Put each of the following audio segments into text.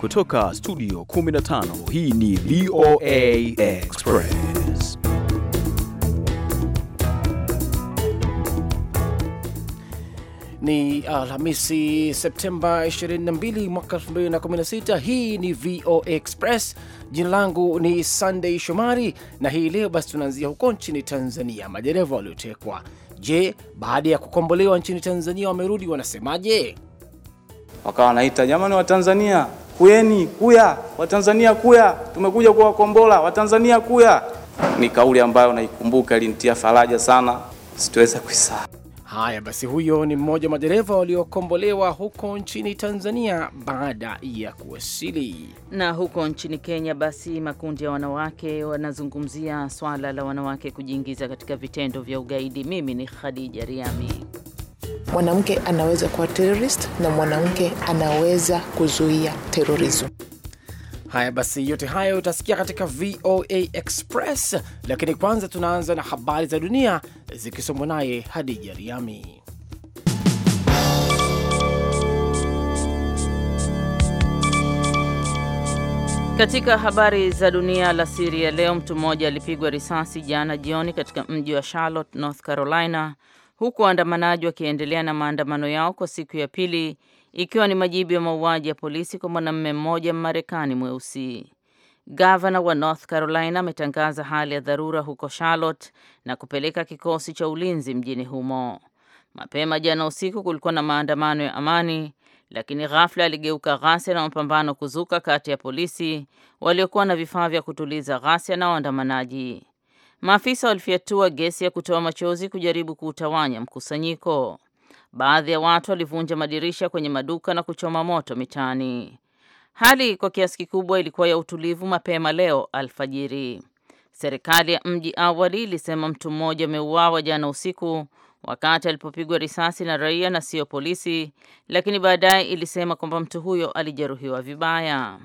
Kutoka studio 15 hii ni VOA Express. Ni Alhamisi, Septemba 22 mwaka 2016. Hii ni VOA Express. Jina langu ni Sunday Shomari, na hii leo basi tunaanzia huko nchini Tanzania. Madereva waliotekwa, je, baada ya kukombolewa nchini Tanzania wamerudi wanasemaje? Wakawa wanaita jamani, wa Tanzania kuyeni kuya, Watanzania kuya, tumekuja kuwakombola Watanzania kuya. Ni kauli ambayo naikumbuka, ilinitia faraja sana, sitoweza kuisahau. Haya basi, huyo ni mmoja wa madereva waliokombolewa huko nchini Tanzania baada ya kuwasili. Na huko nchini Kenya, basi makundi ya wanawake wanazungumzia swala la wanawake kujiingiza katika vitendo vya ugaidi. Mimi ni Khadija Riami. Mwanamke anaweza kuwa terrorist na mwanamke anaweza kuzuia terorism. Haya basi, yote hayo utasikia katika VOA Express, lakini kwanza tunaanza na habari za dunia zikisomwa naye Hadija Riami. Katika habari za dunia siri ya leo, mtu mmoja alipigwa risasi jana jioni katika mji wa Charlotte, North Carolina, huku waandamanaji wakiendelea na maandamano yao kwa siku ya pili ikiwa ni majibu ya mauaji ya polisi kwa mwanamume mmoja Mmarekani mweusi. Gavana wa North Carolina ametangaza hali ya dharura huko Charlotte na kupeleka kikosi cha ulinzi mjini humo. Mapema jana usiku kulikuwa na maandamano ya amani, lakini ghafla aligeuka ghasia na mapambano kuzuka kati ya polisi waliokuwa na vifaa vya kutuliza ghasia na waandamanaji. Maafisa walifyatua gesi ya kutoa machozi kujaribu kuutawanya mkusanyiko. Baadhi ya watu walivunja madirisha kwenye maduka na kuchoma moto mitaani. Hali kwa kiasi kikubwa ilikuwa ya utulivu mapema leo alfajiri. Serikali ya mji awali ilisema mtu mmoja ameuawa jana usiku wakati alipopigwa risasi na raia na sio polisi, lakini baadaye ilisema kwamba mtu huyo alijeruhiwa vibaya.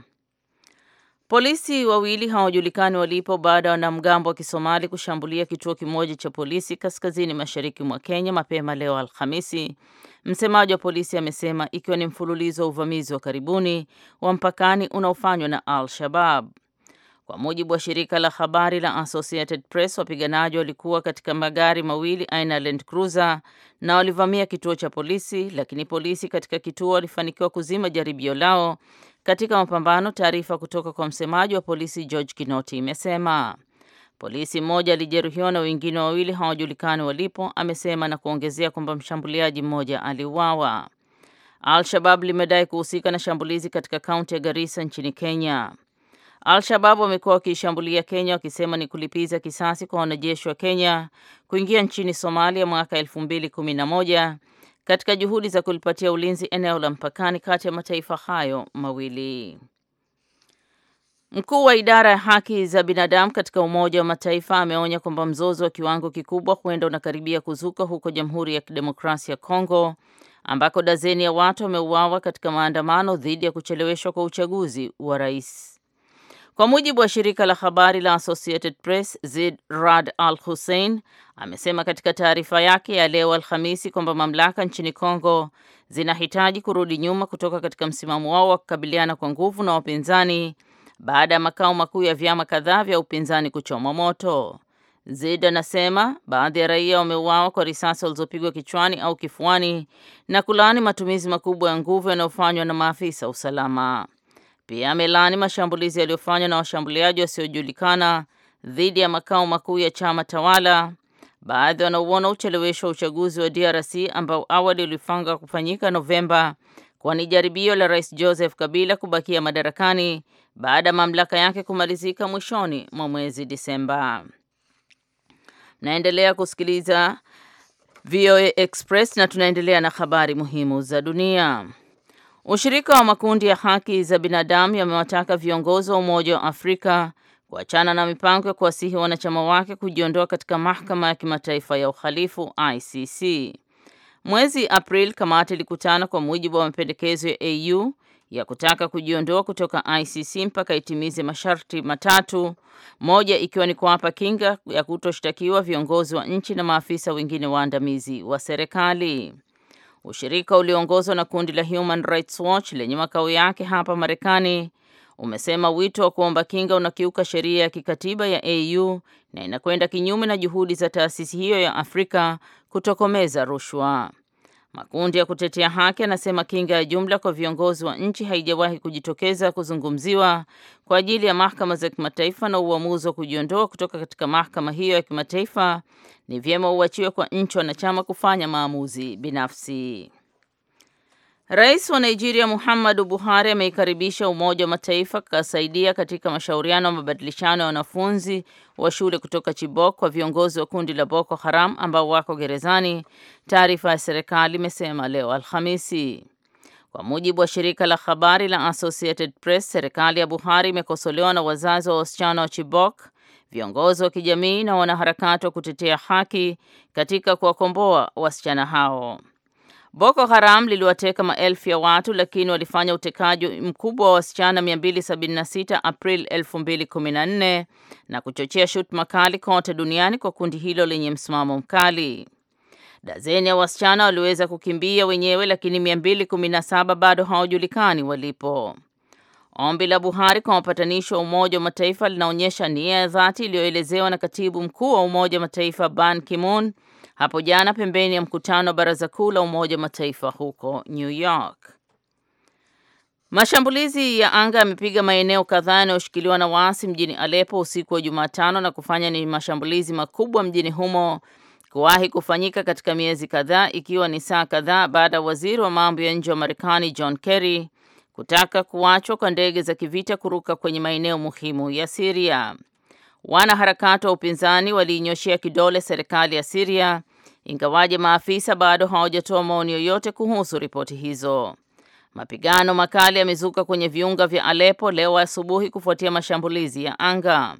Polisi wawili hawajulikani walipo baada ya wanamgambo wa Kisomali kushambulia kituo kimoja cha polisi kaskazini mashariki mwa Kenya mapema leo Alhamisi. Msemaji wa polisi amesema ikiwa ni mfululizo wa uvamizi wa karibuni wa mpakani unaofanywa na al shabab Kwa mujibu wa shirika la habari la Associated Press, wapiganaji walikuwa katika magari mawili aina ya Land Cruiser na walivamia kituo cha polisi, lakini polisi katika kituo walifanikiwa kuzima jaribio lao katika mapambano. Taarifa kutoka kwa msemaji wa polisi George Kinoti imesema polisi mmoja alijeruhiwa na wengine wawili hawajulikani walipo, amesema na kuongezea kwamba mshambuliaji mmoja aliuawa. Al-Shabab limedai kuhusika na shambulizi katika kaunti ya Garissa nchini Kenya. Al-Shabab wamekuwa wakiishambulia Kenya wakisema ni kulipiza kisasi kwa wanajeshi wa Kenya kuingia nchini Somalia mwaka 2011 katika juhudi za kulipatia ulinzi eneo la mpakani kati ya mataifa hayo mawili. Mkuu wa idara ya haki za binadamu katika Umoja wa Mataifa ameonya kwamba mzozo wa kiwango kikubwa huenda unakaribia kuzuka huko Jamhuri ya Kidemokrasia ya Kongo ambako dazeni ya watu wameuawa katika maandamano dhidi ya kucheleweshwa kwa uchaguzi wa rais. Kwa mujibu wa shirika la habari la Associated Press, Zid Rad Al Hussein amesema katika taarifa yake ya leo Alhamisi kwamba mamlaka nchini Kongo zinahitaji kurudi nyuma kutoka katika msimamo wao wa kukabiliana kwa nguvu na wapinzani baada ya makao makuu ya vyama kadhaa vya upinzani kuchoma moto. Zid anasema baadhi ya raia wameuawa kwa risasi walizopigwa kichwani au kifuani na kulaani matumizi makubwa ya nguvu yanayofanywa na maafisa usalama pia amelaani mashambulizi yaliyofanywa na washambuliaji wasiojulikana dhidi ya makao makuu ya chama tawala. Baadhi wanauona uchelewesho wa uchaguzi wa DRC ambao awali ulifanga kufanyika Novemba kuwa ni jaribio la Rais Joseph Kabila kubakia madarakani baada ya mamlaka yake kumalizika mwishoni mwa mwezi Disemba. Naendelea kusikiliza VOA Express na tunaendelea na habari muhimu za dunia. Ushirika wa makundi ya haki za binadamu yamewataka viongozi wa Umoja wa Afrika kuachana na mipango ya kuwasihi wanachama wake kujiondoa katika mahakama ya kimataifa ya uhalifu ICC. Mwezi Aprili, kamati ilikutana kwa mujibu wa mapendekezo ya AU ya kutaka kujiondoa kutoka ICC mpaka itimize masharti matatu, moja ikiwa ni kuwapa kinga ya kutoshtakiwa viongozi wa nchi na maafisa wengine waandamizi wa serikali. Ushirika ulioongozwa na kundi la Human Rights Watch lenye makao yake hapa Marekani umesema wito wa kuomba kinga unakiuka sheria ya kikatiba ya AU na inakwenda kinyume na juhudi za taasisi hiyo ya Afrika kutokomeza rushwa. Makundi ya kutetea haki yanasema kinga ya jumla kwa viongozi wa nchi haijawahi kujitokeza kuzungumziwa kwa ajili ya mahakama za kimataifa na uamuzi wa kujiondoa kutoka katika mahakama hiyo ya kimataifa ni vyema uachiwe kwa nchi wanachama kufanya maamuzi binafsi. Rais wa Nigeria Muhammadu Buhari ameikaribisha Umoja wa Mataifa kasaidia katika mashauriano ya mabadilishano ya wanafunzi wa shule kutoka Chibok kwa viongozi wa kundi la Boko Haram ambao wako gerezani, taarifa ya serikali imesema leo Alhamisi. Kwa mujibu wa shirika la habari la Associated Press, serikali ya Buhari imekosolewa na wazazi wa wasichana wa Chibok, viongozi wa kijamii na wanaharakati wa kutetea haki katika kuwakomboa wasichana hao. Boko Haram liliwateka maelfu ya watu lakini walifanya utekaji mkubwa wa wasichana 276 April 2014 na kuchochea shutuma kali kote duniani kwa kundi hilo lenye msimamo mkali. Dazeni ya wasichana waliweza kukimbia wenyewe lakini 217 bado hawajulikani walipo. Ombi la Buhari kwa wapatanishi wa Umoja wa Mataifa linaonyesha nia ya dhati iliyoelezewa na Katibu Mkuu wa Umoja wa Mataifa Ban Ki-moon hapo jana pembeni ya mkutano wa Baraza Kuu la Umoja wa Mataifa huko New York. Mashambulizi ya anga yamepiga maeneo kadhaa yanayoshikiliwa na waasi mjini Aleppo usiku wa Jumatano na kufanya ni mashambulizi makubwa mjini humo kuwahi kufanyika katika miezi kadhaa, ikiwa ni saa kadhaa baada ya waziri wa mambo ya nje wa Marekani John Kerry kutaka kuachwa kwa ndege za kivita kuruka kwenye maeneo muhimu ya Siria. Wanaharakati wa upinzani waliinyoshea kidole serikali ya Siria ingawaje maafisa bado hawajatoa maoni yoyote kuhusu ripoti hizo. Mapigano makali yamezuka kwenye viunga vya Aleppo leo asubuhi kufuatia mashambulizi ya anga.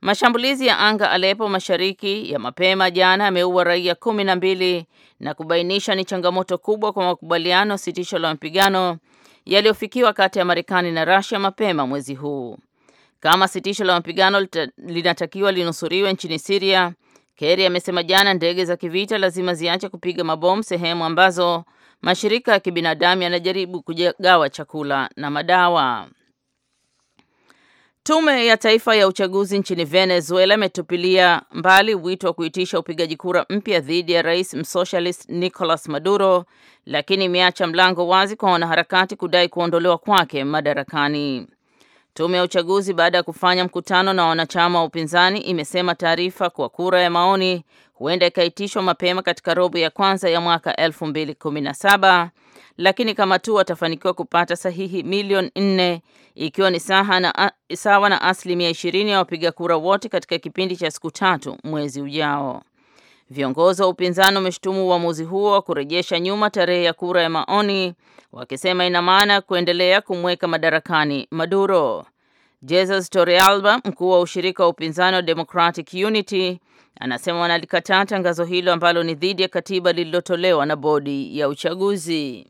Mashambulizi ya anga Aleppo Mashariki ya mapema jana yameua raia kumi na mbili na kubainisha ni changamoto kubwa kwa makubaliano sitisho la mapigano yaliyofikiwa kati ya Marekani na Russia mapema mwezi huu kama sitisho la mapigano linatakiwa linusuriwe nchini Siria. Kerry amesema jana ndege za kivita lazima ziache kupiga mabomu sehemu ambazo mashirika ya kibinadamu yanajaribu kugawa chakula na madawa. Tume ya Taifa ya Uchaguzi nchini Venezuela imetupilia mbali wito wa kuitisha upigaji kura mpya dhidi ya rais msocialist Nicolas Maduro, lakini imeacha mlango wazi kwa wanaharakati kudai kuondolewa kwake madarakani. Tume ya uchaguzi baada ya kufanya mkutano na wanachama wa upinzani imesema taarifa kwa kura ya maoni huenda ikaitishwa mapema katika robo ya kwanza ya mwaka 2017 lakini kama tu watafanikiwa kupata sahihi milioni nne ikiwa ni sawa na asilimia ishirini ya wapiga kura wote katika kipindi cha siku tatu mwezi ujao. Viongozi wa upinzani wameshutumu uamuzi huo wa kurejesha nyuma tarehe ya kura ya maoni, wakisema ina maana kuendelea kumweka madarakani Maduro. Jesus Torrealba, mkuu wa ushirika wa upinzani wa Democratic Unity, anasema wanalikataa tangazo hilo ambalo ni dhidi ya katiba lililotolewa na bodi ya uchaguzi.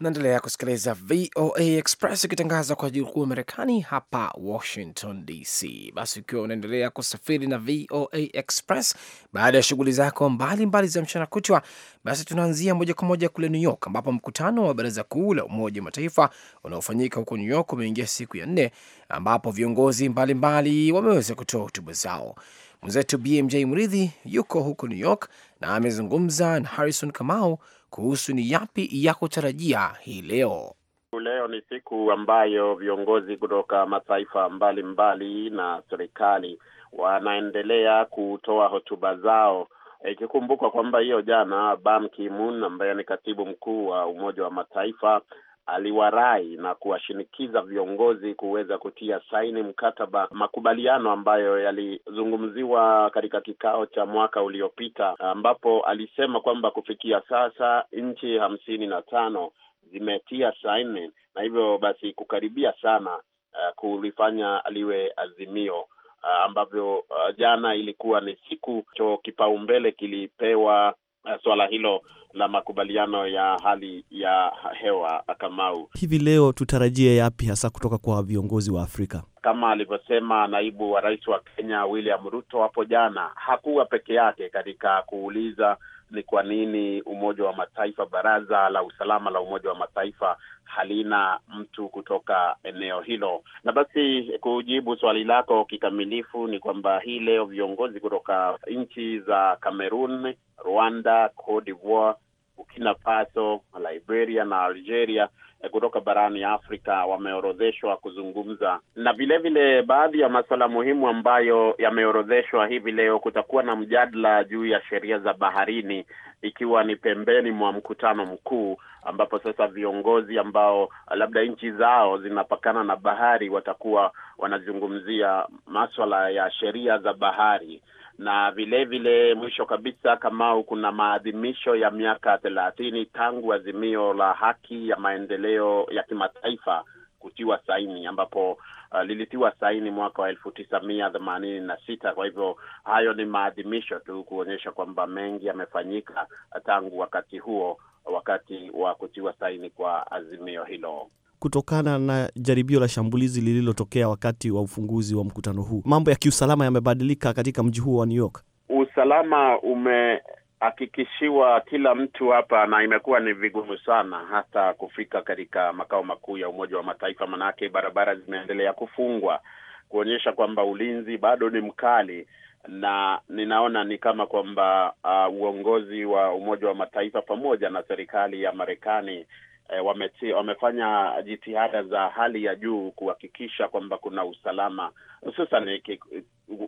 Naendelea kusikiliza VOA Express ikitangaza kwa jiji kuu Marekani, hapa Washington DC. Basi ukiwa unaendelea kusafiri na VOA Express baada ya shughuli zako mbalimbali za mchana kutwa, basi tunaanzia moja kwa moja kule New York, ambapo mkutano wa Baraza Kuu la Umoja wa Mataifa unaofanyika huko New York umeingia siku ya nne, ambapo viongozi mbalimbali wameweza kutoa hotuba zao. Mwenzetu BMJ Mridhi yuko huko New York na amezungumza na Harrison Kamau kuhusu ni yapi ya kutarajia hii leo. Leo ni siku ambayo viongozi kutoka mataifa mbalimbali na serikali wanaendelea kutoa hotuba zao, ikikumbuka e, kwamba hiyo jana Ban Ki-moon ambaye ni katibu mkuu wa Umoja wa Mataifa aliwarai na kuwashinikiza viongozi kuweza kutia saini mkataba makubaliano ambayo yalizungumziwa katika kikao cha mwaka uliopita, ambapo alisema kwamba kufikia sasa nchi hamsini na tano zimetia saini na hivyo basi kukaribia sana uh, kulifanya liwe azimio uh, ambavyo uh, jana ilikuwa ni siku cho kipaumbele kilipewa Uh, suala hilo la makubaliano ya hali ya hewa. Uh, Kamau, hivi leo tutarajie yapi hasa kutoka kwa viongozi wa Afrika? Kama alivyosema naibu wa rais wa Kenya William Ruto hapo jana, hakuwa peke yake katika kuuliza ni kwa nini Umoja wa Mataifa, Baraza la Usalama la Umoja wa Mataifa halina mtu kutoka eneo hilo. Na basi kujibu swali lako kikamilifu ni kwamba hii leo viongozi kutoka nchi za Cameroon, Rwanda, Cote d'Ivoire, Burkina Faso, Liberia na Algeria eh, kutoka barani Afrika wameorodheshwa kuzungumza na vilevile baadhi ya masuala muhimu ambayo yameorodheshwa hivi leo. Kutakuwa na mjadala juu ya sheria za baharini ikiwa ni pembeni mwa mkutano mkuu ambapo sasa viongozi ambao labda nchi zao zinapakana na bahari watakuwa wanazungumzia maswala ya sheria za bahari na vilevile vile, mwisho kabisa, Kamau, kuna maadhimisho ya miaka thelathini tangu azimio la haki ya maendeleo ya kimataifa kutiwa saini ambapo uh, lilitiwa saini mwaka wa elfu tisa mia themanini na sita. Kwa hivyo hayo ni maadhimisho tu kuonyesha kwamba mengi yamefanyika tangu wakati huo, wakati wa kutiwa saini kwa azimio hilo. Kutokana na jaribio la shambulizi lililotokea wakati wa ufunguzi wa mkutano huu, mambo ya kiusalama yamebadilika katika mji huo wa New York. Usalama ume hakikishiwa kila mtu hapa, na imekuwa ni vigumu sana hata kufika katika makao makuu ya Umoja wa Mataifa, manake barabara zimeendelea kufungwa kuonyesha kwamba ulinzi bado ni mkali, na ninaona ni kama kwamba uh, uongozi wa Umoja wa Mataifa pamoja na serikali ya Marekani e, wameti, wamefanya jitihada za hali ya juu kuhakikisha kwamba kuna usalama, hususan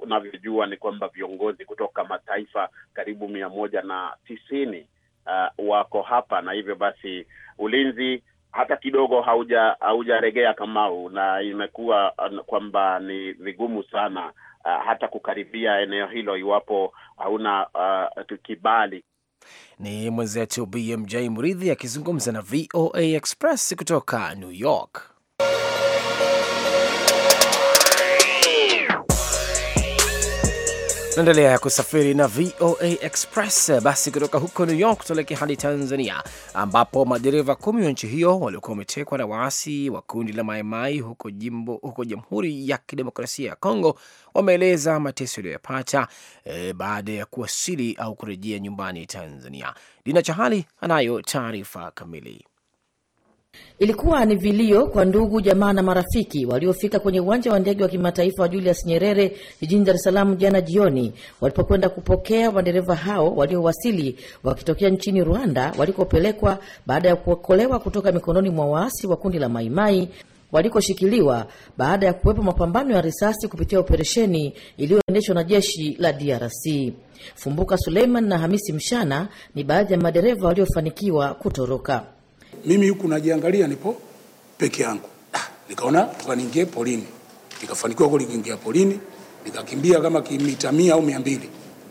unavyojua ni kwamba viongozi kutoka mataifa karibu mia moja na tisini uh, wako hapa, na hivyo basi ulinzi hata kidogo hauja haujaregea Kamau, na imekuwa eh, kwamba ni vigumu sana uh, hata kukaribia eneo hilo iwapo hauna uh, kibali ni mwenzetu BMJ Mridhi akizungumza na VOA Express kutoka New York. Tunaendelea kusafiri na VOA Express. Eh, basi kutoka huko New York tuelekea hadi Tanzania, ambapo madereva kumi wa nchi hiyo waliokuwa wametekwa na waasi wa kundi la Maimai huko jimbo huko Jamhuri ya Kidemokrasia ya Kongo wameeleza mateso yaliyoyapata e, eh, baada ya kuwasili au kurejea nyumbani Tanzania. Dina Chahali anayo taarifa kamili. Ilikuwa ni vilio kwa ndugu, jamaa na marafiki waliofika kwenye uwanja wa ndege wa kimataifa wa Julius Nyerere jijini Dar es Salaam jana jioni, walipokwenda kupokea madereva hao waliowasili wakitokea nchini Rwanda, walikopelekwa baada ya kuokolewa kutoka mikononi mwa waasi wa kundi la Maimai walikoshikiliwa baada ya kuwepo mapambano ya risasi kupitia operesheni iliyoendeshwa na jeshi la DRC. Fumbuka Suleiman na Hamisi Mshana ni baadhi ya madereva waliofanikiwa kutoroka mimi huku najiangalia, nipo peke yangu. Ah, nikaona tukaniingie polini, nikafanikiwa kule kuingia polini, nikakimbia kama kimita 100 au 200,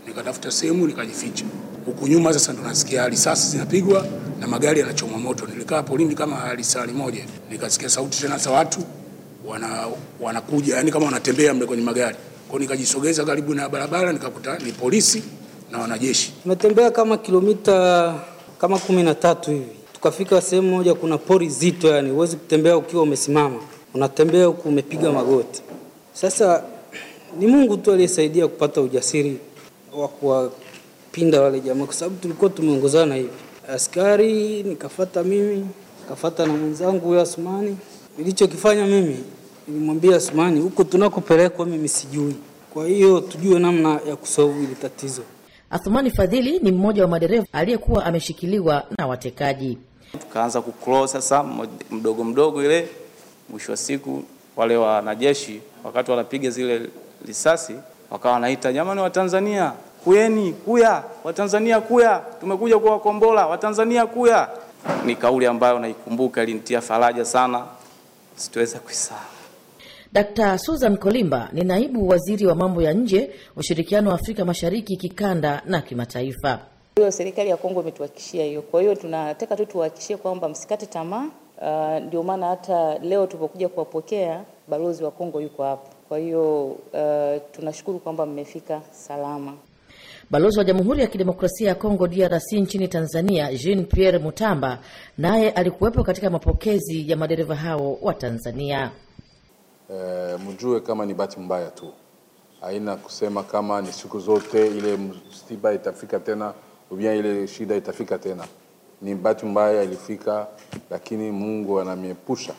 nikatafuta sehemu nikajificha. Huku nyuma sasa ndo nasikia risasi zinapigwa na magari yanachomwa moto. Nilikaa polini kama risali moja, nikasikia sauti tena za watu wana, wanakuja yani kama wanatembea mle kwenye magari kwao. Nikajisogeza karibu na barabara, nikakuta ni polisi na wanajeshi. Tumetembea kama kilomita kama 13 hivi tukafika sehemu moja, kuna pori zito, yani huwezi kutembea ukiwa umesimama, unatembea huku umepiga magoti. Sasa ni Mungu tu aliyesaidia kupata ujasiri wa kuwapinda wale jamaa, kwa sababu tulikuwa tumeongozana hivi, askari nikafata mimi, kafata na mwenzangu huyo Asumani. Nilichokifanya mimi, nilimwambia Asumani, huko tunakopelekwa mimi sijui, kwa hiyo tujue namna ya kusolve hili tatizo. Athumani Fadhili ni mmoja wa madereva aliyekuwa ameshikiliwa na watekaji. Tukaanza ku sasa mdogo mdogo, ile mwisho wa siku wale wanajeshi wakati wanapiga zile risasi wakawa wanaita jamani, Watanzania kuyeni, kuya Watanzania, kuya tumekuja kuwakombola wakombola Watanzania, kuya. Ni kauli ambayo naikumbuka, ilinitia faraja sana, situweza kuisahau. Dkt. Susan Kolimba ni naibu waziri wa mambo ya nje, ushirikiano wa Afrika Mashariki kikanda na kimataifa. Hiyo serikali ya Kongo imetuhakikishia hiyo, kwa hiyo tunataka tu tuwahakikishie kwamba msikate tamaa. Uh, ndio maana hata leo tulipokuja kuwapokea balozi wa Kongo yuko hapa, kwa hiyo uh, tunashukuru kwamba mmefika salama. Balozi wa Jamhuri ya Kidemokrasia ya Kongo DRC nchini Tanzania Jean Pierre Mutamba naye alikuwepo katika mapokezi ya madereva hao wa Tanzania e, mjue kama ni bahati mbaya tu, haina kusema kama ni siku zote ile msiba itafika tena ubia ile shida itafika tena. Ni bahati mbaya ilifika, lakini Mungu anamiepusha,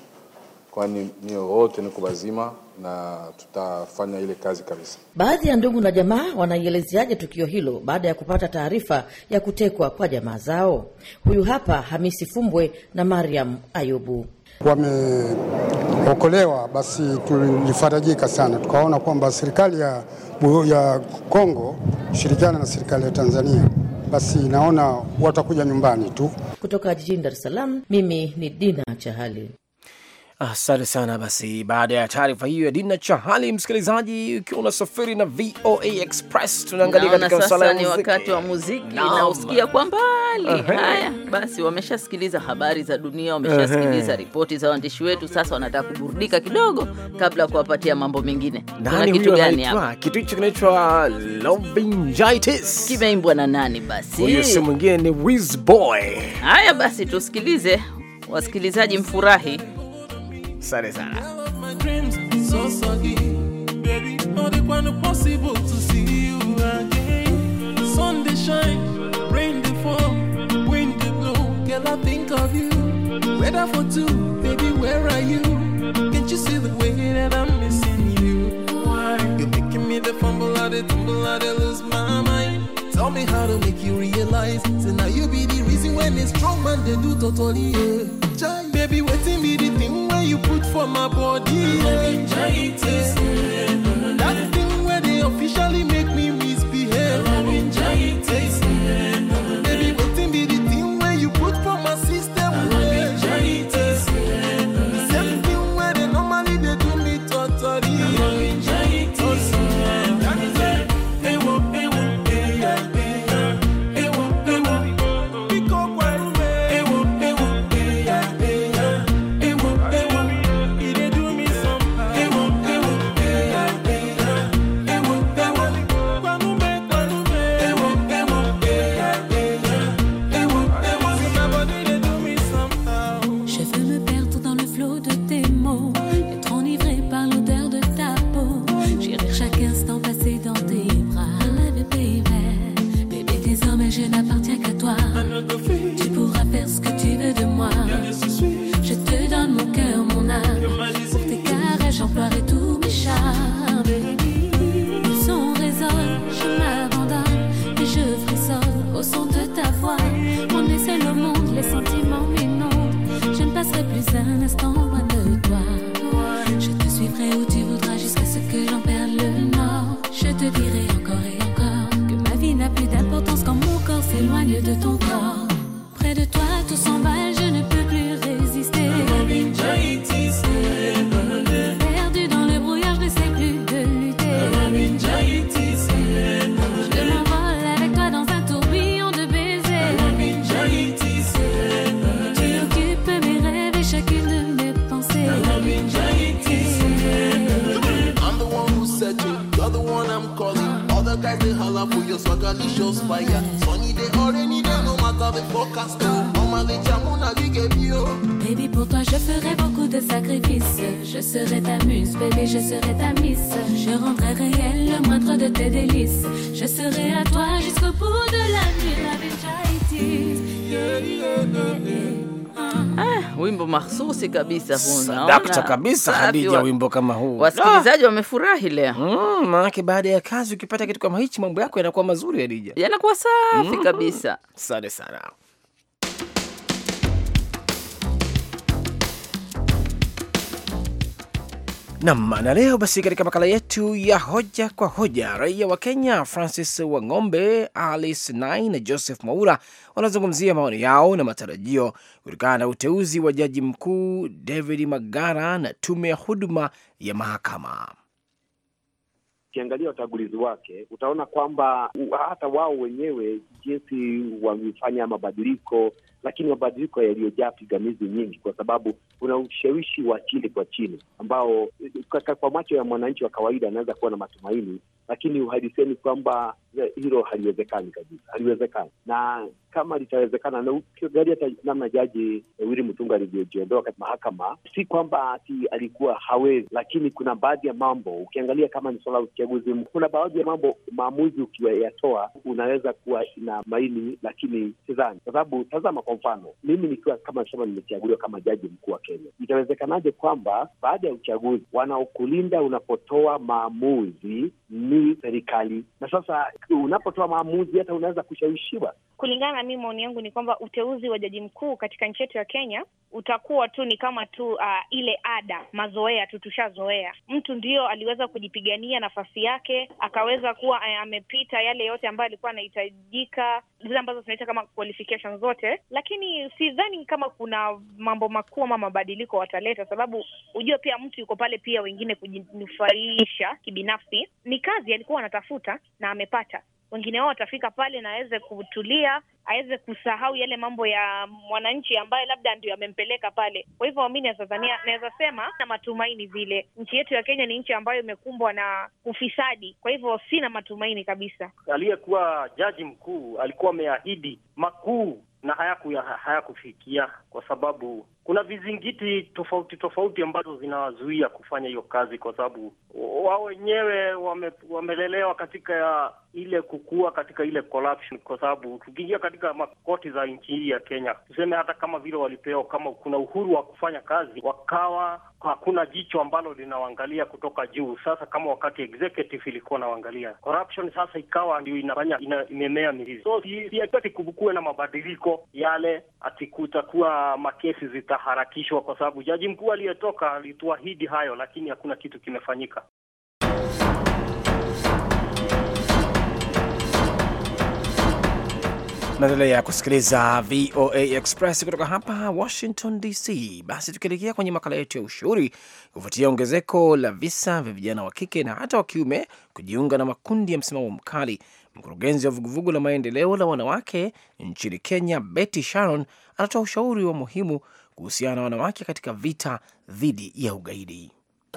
kwani nio wote niko bazima na tutafanya ile kazi kabisa. Baadhi ya ndugu na jamaa wanaielezeaje tukio hilo baada ya kupata taarifa ya kutekwa kwa jamaa zao? Huyu hapa Hamisi Fumbwe na Mariam Ayubu wameokolewa, basi tulifarajika sana, tukaona kwamba serikali ya, ya Kongo kushirikiana na serikali ya Tanzania, basi naona watakuja nyumbani tu. Kutoka jijini Dar es Salaam, mimi ni Dina Chahali. Asante sana. Basi baada ya taarifa hiyo ya Dina Chahali, msikilizaji, ukiwa unasafiri na VOA Express, tunaangalia katika sasa ni wakati wa muziki na usikia kwa mbali. uh -huh. Haya basi, wameshasikiliza habari za dunia, wameshasikiliza uh -huh. ripoti za waandishi wetu. Sasa wanataka kuburudika kidogo kabla ya kuwapatia mambo mengine. Nani kitu gani hapa? Kitu hicho kinaitwa Lovingitis, kimeimbwa na nani? Basi huyo si mwingine ni Wizboy. Haya basi, tusikilize, wasikilizaji mfurahi Sorry, Sana. So soggy, baby. possible to see you again. sun shine, rain fall, wind blow. Girl, I think of you. Weather for two, baby, where are you? Can't you see the way that I'm missing you? Why? You're making me the fumble, the tumble, I lose my mind. Tell me how to make you realize. Say now you be the reason when it's strong man they do totally. Yeah. Baby, waiting me. the put for my body. Yeah. That thing where they officially au son de ta voix. On est le monde, les sentiments m'inondent. Je ne passerai plus un instant actually fire. Sunny day or rainy day, no matter the forecast. Normally, jam on a big bio. Baby, pour toi, je ferai beaucoup de sacrifices. Je serai ta muse, baby, je serai ta miss. Je rendrai réel le moindre de tes délices. Je serai à toi jusqu'au bout de la nuit. Avec Jaitis. Yeah, yeah, yeah, yeah. Ah. wimbo mahsusi kabisa sadakta kabisa Hadija, wimbo kama huu wasikilizaji wamefurahi leo mm, maanake baada ya kazi ukipata kitu kama hichi mambo yako yanakuwa mazuri Hadija, yanakuwa safi mm, kabisa. Asante sana. Nam na leo basi, katika makala yetu ya hoja kwa hoja, raia wa Kenya Francis Wang'ombe, Alice Nai na Joseph Mwaura wanazungumzia maoni yao na matarajio kutokana na uteuzi wa jaji mkuu David Magara na tume ya huduma ya mahakama. Ukiangalia utangulizi wake utaona kwamba hata wao wenyewe jinsi wamefanya mabadiliko lakini mabadiliko yaliyojaa pigamizi nyingi, kwa sababu kuna ushawishi wa chini kwa chini ambao eh, kwa macho ya mwananchi wa kawaida anaweza kuwa na matumaini, lakini uhadiseni kwamba Eh, hilo haliwezekani kabisa, haliwezekani. Na kama litawezekana, na ukiangalia hata namna Jaji eh, Willy Mutunga alivyojiondoa katika mahakama, si kwamba ati alikuwa hawezi, lakini kuna baadhi ya mambo ukiangalia, kama ni suala la uchaguzi, kuna baadhi ya mambo maamuzi ukiwayatoa unaweza kuwa ina maini, lakini sidhani, kwa sababu tazama, kwa mfano mimi nikiwa kama sema nimechaguliwa kama jaji mkuu wa Kenya, itawezekanaje kwamba baada ya uchaguzi wanaokulinda unapotoa maamuzi ni serikali? Na sasa unapotoa maamuzi hata unaweza kushawishiwa kulingana na mimi, maoni yangu ni kwamba uteuzi wa jaji mkuu katika nchi yetu ya Kenya utakuwa tu ni kama tu uh, ile ada, mazoea tu, tushazoea. Mtu ndio aliweza kujipigania nafasi yake, akaweza kuwa eh, amepita yale yote ambayo alikuwa anahitajika, zile ambazo tunaita kama qualification zote, lakini sidhani kama kuna mambo makuu ama mabadiliko wataleta, sababu hujua pia mtu yuko pale pia wengine kujinufaisha kibinafsi. Ni kazi alikuwa anatafuta na amepata wengine wao watafika pale na aweze kutulia, aweze kusahau yale mambo ya mwananchi ambaye labda ndio amempeleka pale. Kwa hivyo mi Tanzania naweza sema na matumaini vile, nchi yetu ya Kenya ni nchi ambayo imekumbwa na ufisadi, kwa hivyo sina matumaini kabisa. Aliyekuwa jaji mkuu alikuwa ameahidi makuu na hayakufikia haya, kwa sababu kuna vizingiti tofauti tofauti ambazo zinawazuia kufanya hiyo kazi, kwa sababu wao wenyewe wame, wamelelewa katika ile kukua katika ile corruption, kwa sababu tukiingia katika makoti za nchi hii ya Kenya, tuseme hata kama vile walipewa, kama kuna uhuru wa kufanya kazi, wakawa hakuna jicho ambalo linawaangalia kutoka juu. Sasa kama wakati executive ilikuwa nawaangalia corruption, sasa ikawa ndio inafanya ina, imemea mizizi. So siati kukuwe na mabadiliko yale, ati kutakuwa makesi zitaharakishwa, kwa sababu jaji mkuu aliyetoka alituahidi hayo, lakini hakuna kitu kimefanyika. Tunaendelea kusikiliza VOA Express kutoka hapa Washington DC. Basi tukielekea kwenye makala yetu ya ushauri, kufuatia ongezeko la visa vya vijana wa kike na hata wa kiume kujiunga na makundi ya msimamo mkali, mkurugenzi wa vuguvugu la maendeleo la wanawake nchini Kenya, Betty Sharon, anatoa ushauri wa muhimu kuhusiana na wanawake katika vita dhidi ya ugaidi.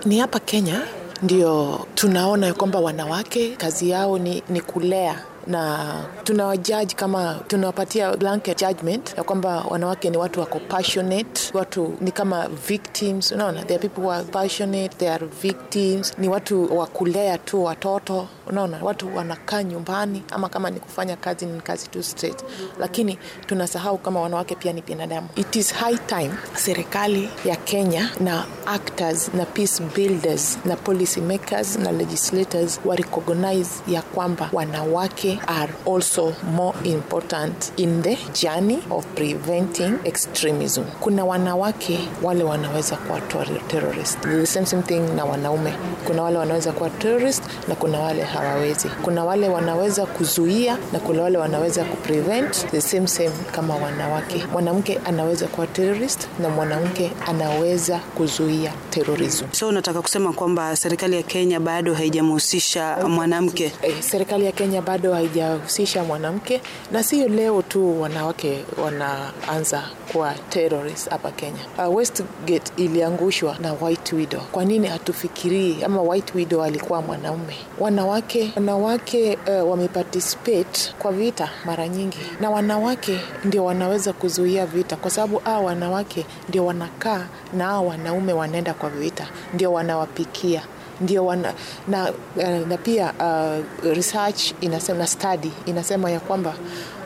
Ni hapa Kenya ndio tunaona kwamba wanawake kazi yao ni, ni kulea na tunawajaji kama tunawapatia blanket judgment ya kwamba wanawake ni watu wako passionate, watu ni kama victims. Unaona, there are people who are passionate, they are victims. Ni watu wa kulea tu watoto, unaona, watu wanakaa nyumbani ama kama ni kufanya kazi ni kazi tu straight, lakini tunasahau kama wanawake pia ni binadamu. It is high time serikali ya Kenya na actors na peace builders na policy makers na legislators wa recognize ya kwamba wanawake are also more important in the journey of preventing extremism. Kuna wanawake wale wanaweza kuwa terrorist, the same, same thing na wanaume. Kuna wale wanaweza kuwa terrorist na kuna wale hawawezi. Kuna wale wanaweza kuzuia na kuna wale wanaweza kuprevent, the same same kama wanawake. Mwanamke anaweza kuwa terrorist na mwanamke anaweza kuzuia terrorism. So unataka kusema kwamba serikali ya Kenya bado haijamhusisha eh, mwanamke? Eh, serikali ya Kenya bado haijahusisha mwanamke, na sio leo tu wanawake wanaanza kuwa terrorist hapa Kenya. Uh, Westgate iliangushwa na White Widow. Kwa nini hatufikirii ama White Widow alikuwa mwanaume? Wanawake wanawake uh, wameparticipate kwa vita mara nyingi, na wanawake ndio wanaweza kuzuia vita, kwa sababu hawa wanawake ndio wanakaa na hawa wanaume wanaenda kwa vita, ndio wanawapikia ndio wana, na, na eh, na pia uh, research inasema, na study inasema ya kwamba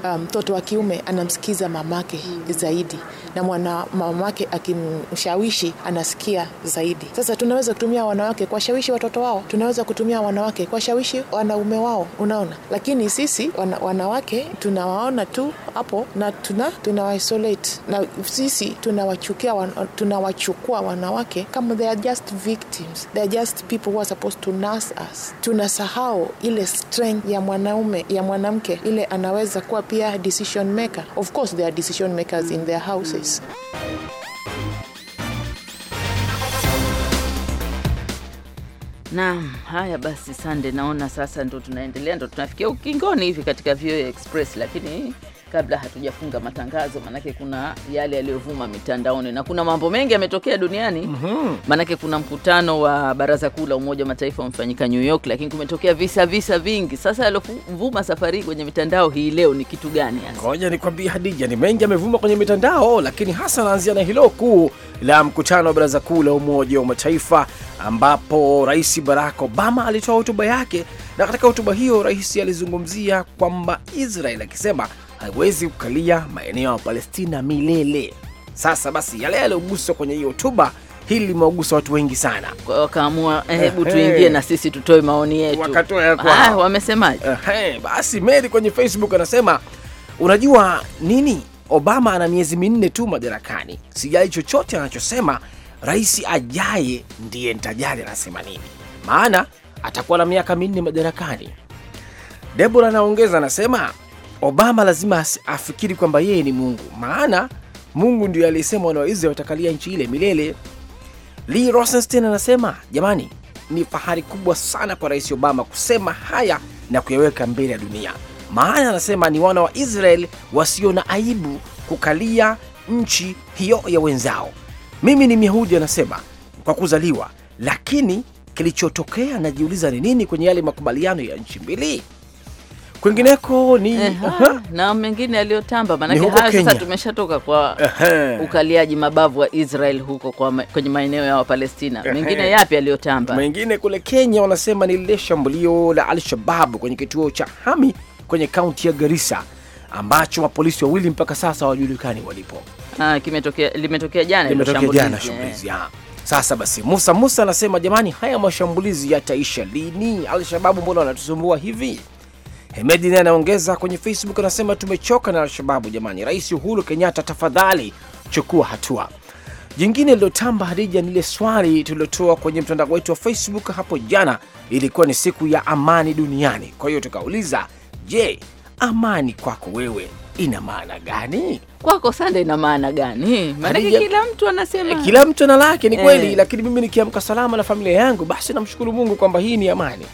eh, mtoto um, wa kiume anamsikiza mamake zaidi na mwana mamake akimshawishi anasikia zaidi. Sasa tunaweza kutumia wanawake kuwashawishi watoto wao, tunaweza kutumia wanawake kuwashawishi wanaume wao, unaona. Lakini sisi wana, wanawake tunawaona tu hapo na tuna tunawaisolate na sisi tunawachukia wan, tunawachukua wanawake kama they are just victims, they are just people who are supposed to nurse us. Tunasahau ile strength ya mwanaume ya mwanamke, ile anaweza kuwa pia decision maker. Of course there are decision makers in their houses entreprises. Naam, haya basi, Sande, naona sasa ndo tunaendelea, ndo tunafikia ukingoni hivi katika VOA Express, lakini kabla hatujafunga matangazo, maanake kuna yale yaliyovuma mitandaoni na kuna mambo mengi yametokea duniani mm -hmm. Maanake kuna mkutano wa Baraza Kuu la Umoja wa Mataifa umefanyika New York, lakini kumetokea visa visa vingi. Sasa yaliovuma safari kwenye mitandao hii leo ni kitu gani hasa? Ngoja nikwambie Hadija, ni mengi yamevuma kwenye mitandao, lakini hasa naanzia na hilo kuu la mkutano wa Baraza Kuu la Umoja wa Mataifa ambapo Rais Barack Obama alitoa hotuba yake, na katika hotuba hiyo rais alizungumzia kwamba Israel akisema haiwezi kukalia maeneo ya Palestina milele. Sasa basi, yale yaliyoguswa kwenye hiyo hotuba hili limewagusa watu wengi sana, kwa hiyo wakaamua eh, hebu tuingie na sisi tutoe maoni yetu. Wakatoa ah, wamesemaje? Basi Mary kwenye Facebook anasema unajua nini, Obama ana miezi minne tu madarakani, sijali chochote anachosema rais ajaye, ndiye nitajali anasema nini, maana atakuwa na miaka minne madarakani. Debora anaongeza anasema Obama lazima afikiri kwamba yeye ni Mungu, maana Mungu ndio aliyesema wana wa watakalia nchi ile milele. Lee Rosenstein anasema jamani, ni fahari kubwa sana kwa Rais Obama kusema haya na kuyaweka mbele ya dunia, maana anasema ni wana wa Israel wasio na aibu kukalia nchi hiyo ya wenzao. Mimi ni Myahudi, anasema kwa kuzaliwa, lakini kilichotokea najiuliza ni nini kwenye yale makubaliano ya nchi mbili kwingineko ni na mengine yaliyotamba, maanake haya sasa tumeshatoka kwa ukaliaji mabavu wa Israel huko kwa ma, kwenye maeneo ya Wapalestina. Mengine yapi yaliyotamba? Mengine kule Kenya wanasema ni lile shambulio la Al-Shabab kwenye kituo cha Hami kwenye kaunti ya Garissa ambacho mapolisi wawili mpaka sasa hawajulikani walipo. Ah, kimetokea limetokea jana limetokea jana shambulizi. Eh. Ah. Sasa basi, Musa Musa anasema jamani, haya mashambulizi yataisha lini? Al-Shababu mbona wanatusumbua hivi? Hemedi naye anaongeza kwenye Facebook, anasema tumechoka na Alshababu jamani, Rais Uhuru Kenyatta tafadhali chukua hatua. Jingine lilotamba Hadija ni ile swali tulilotoa kwenye mtandao wetu wa Facebook hapo jana, ilikuwa ni siku ya amani duniani. Kwa hiyo tukauliza, je, amani kwako wewe ina maana gani? Kwako Sande ina maana gani? Maana kila mtu anasema, eh, kila mtu ana lake. Ni kweli eh, lakini mimi nikiamka salama na familia yangu, basi namshukuru Mungu kwamba hii ni amani.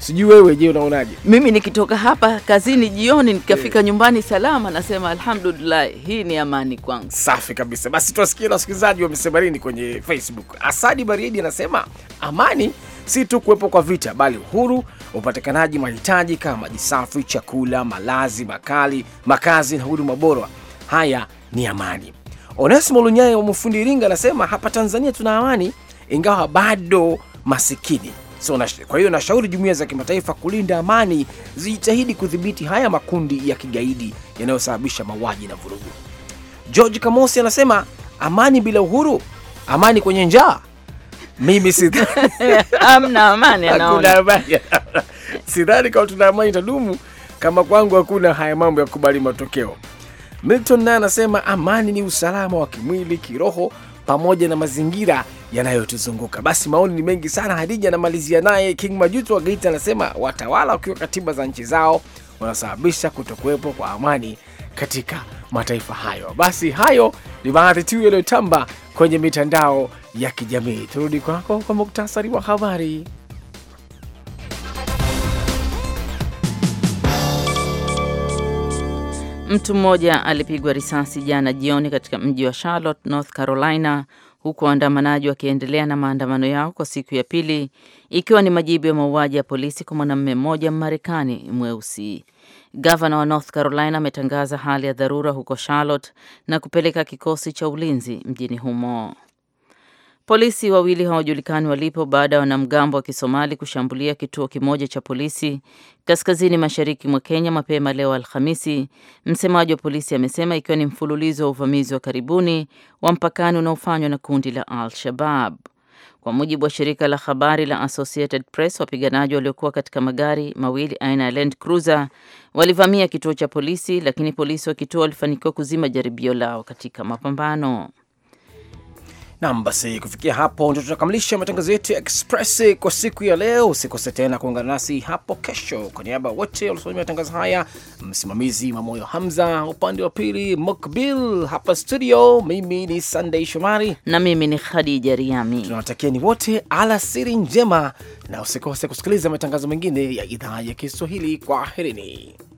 Sijui wewe je, unaonaje? Mimi nikitoka hapa kazini jioni nikafika yeah, nyumbani salama, nasema alhamdulillah, hii ni amani kwangu. Safi kabisa. Basi tuwasikie na wasikilizaji wamesema nini kwenye Facebook. Asadi Baridi anasema amani si tu kuwepo kwa vita, bali uhuru, upatikanaji mahitaji kama maji safi, chakula, malazi, makali, makazi na huduma bora. Haya ni amani. Onesimo Lunyai wa Mfundi Iringa anasema hapa Tanzania tuna amani, ingawa bado masikini So, na, kwa hiyo nashauri jumuiya za kimataifa kulinda amani zijitahidi kudhibiti haya makundi ya kigaidi yanayosababisha mauaji na vurugu. George Kamosi anasema amani bila uhuru, amani kwenye njaa. Mimi hamna amani, anaona Sidhani kama tuna amani itadumu kama kwangu hakuna haya mambo ya kukubali matokeo. Milton naye anasema amani ni usalama wa kimwili, kiroho pamoja na mazingira yanayotuzunguka. Basi maoni ni mengi sana. Hadija anamalizia naye King Majuto wa Geita anasema watawala wakiwa katiba za nchi zao wanasababisha kutokuwepo kwa amani katika mataifa hayo. Basi hayo ni baadhi tu yaliyotamba kwenye mitandao ya kijamii. Turudi kwako kwa muktasari wa habari. Mtu mmoja alipigwa risasi jana jioni katika mji wa Charlotte, North Carolina, huku waandamanaji wakiendelea na maandamano yao kwa siku ya pili, ikiwa ni majibu ya mauaji ya polisi kwa mwanamume mmoja Mmarekani mweusi. Gavana wa North Carolina ametangaza hali ya dharura huko Charlotte na kupeleka kikosi cha ulinzi mjini humo. Polisi wawili hawajulikani walipo baada ya wanamgambo wa Kisomali kushambulia kituo kimoja cha polisi kaskazini mashariki mwa Kenya mapema leo Alhamisi, msemaji wa polisi amesema, ikiwa ni mfululizo wa uvamizi wa karibuni wa mpakani unaofanywa na kundi la al shabab Kwa mujibu wa shirika la habari la Associated Press, wapiganaji waliokuwa katika magari mawili aina ya Land Cruiser walivamia kituo cha polisi, lakini polisi wa kituo walifanikiwa kuzima jaribio lao katika mapambano. Nam, basi kufikia hapo ndio tunakamilisha matangazo yetu ya Express kwa siku ya leo. Usikose tena kuungana nasi hapo kesho. Kwa niaba ya wote waliosimamia matangazo haya, msimamizi Mamoyo Hamza, upande wa pili Mokbil hapa studio, mimi ni Sunday Shomari na mimi ni Khadija Riami. ni wote alasiri njema na usikose kusikiliza matangazo mengine ya idhaa ya Kiswahili. Kwaherini.